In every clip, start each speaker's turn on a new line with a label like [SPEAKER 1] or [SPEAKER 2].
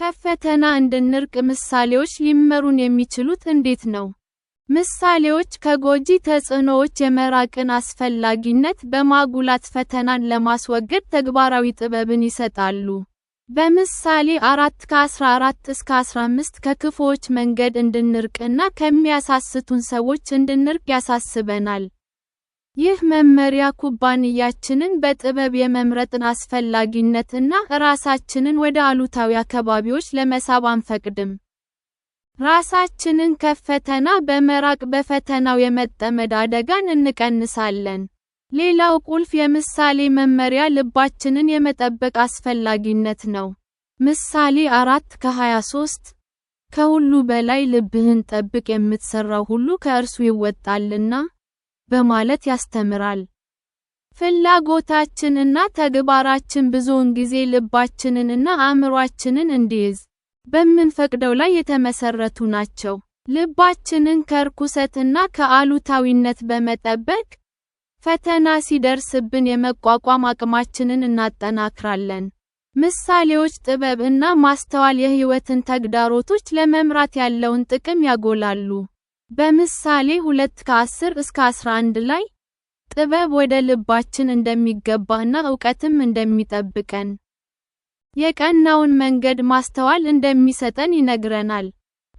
[SPEAKER 1] ከፈተና እንድንርቅ ምሳሌዎች ሊመሩን የሚችሉት እንዴት ነው? ምሳሌዎች ከጎጂ ተጽዕኖዎች የመራቅን አስፈላጊነት በማጉላት ፈተናን ለማስወገድ ተግባራዊ ጥበብን ይሰጣሉ። በምሳሌ 4 ከ14 እስከ 15 ከክፉዎች መንገድ እንድንርቅና ከሚያሳስቱን ሰዎች እንድንርቅ ያሳስበናል። ይህ መመሪያ ኩባንያችንን በጥበብ የመምረጥን አስፈላጊነት እና ራሳችንን ወደ አሉታዊ አካባቢዎች ለመሳብ አንፈቅድም። ራሳችንን ከፈተና በመራቅ በፈተናው የመጠመድ አደጋን እንቀንሳለን። ሌላው ቁልፍ የምሳሌ መመሪያ ልባችንን የመጠበቅ አስፈላጊነት ነው። ምሳሌ 4 ከ23 ከሁሉ በላይ ልብህን ጠብቅ የምትሰራው ሁሉ ከእርሱ ይወጣልና በማለት ያስተምራል። እና ተግባራችን ብዙውን ጊዜ ልባችንን እና አእምሯችንን እንዲይዝ በምንፈቅደው ላይ የተመሰረቱ ናቸው። ልባችንን ከርኩሰት እና ከአሉታዊነት በመጠበቅ፣ ፈተና ሲደርስብን የመቋቋም አቅማችንን እናጠናክራለን። ምሳሌዎች ጥበብ እና ማስተዋል የሕይወትን ተግዳሮቶች ለመምራት ያለውን ጥቅም ያጎላሉ። በምሳሌ 2 ከ10 እስከ 11 ላይ፣ ጥበብ ወደ ልባችን እንደሚገባና እውቀትም እንደሚጠብቀን፣ የቀናውን መንገድ ማስተዋል እንደሚሰጠን ይነግረናል።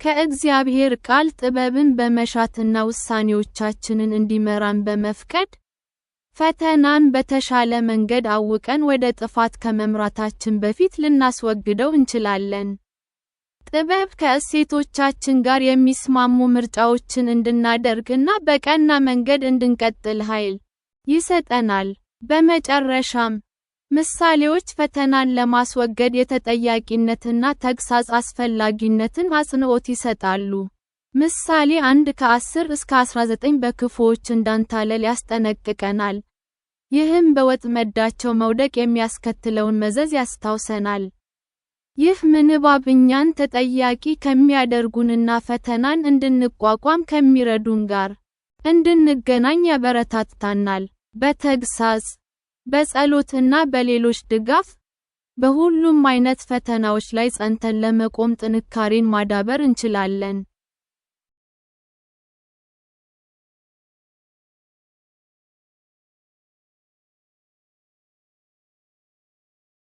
[SPEAKER 1] ከእግዚአብሔር ቃል ጥበብን በመሻትና ውሳኔዎቻችንን እንዲመራን በመፍቀድ፣ ፈተናን በተሻለ መንገድ አውቀን ወደ ጥፋት ከመምራታችን በፊት ልናስወግደው እንችላለን። ጥበብ ከእሴቶቻችን ጋር የሚስማሙ ምርጫዎችን እንድናደርግ እና በቀና መንገድ እንድንቀጥል ኃይል ይሰጠናል። በመጨረሻም፣ ምሳሌዎች ፈተናን ለማስወገድ የተጠያቂነትና ተግሳጽ አስፈላጊነትን አጽንኦት ይሰጣሉ። ምሳሌ 1 ከ10 እስከ 19 በክፉዎች እንዳንታለል ያስጠነቅቀናል፣ ይህም በወጥመዳቸው መውደቅ የሚያስከትለውን መዘዝ ያስታውሰናል። ይህ ምንባብ እኛን ተጠያቂ ከሚያደርጉንና ፈተናን እንድንቋቋም ከሚረዱን ጋር እንድንገናኝ ያበረታታናል። በተግሳጽ፣ በጸሎትና በሌሎች ድጋፍ፣ በሁሉም አይነት ፈተናዎች ላይ ጸንተን ለመቆም ጥንካሬን ማዳበር እንችላለን።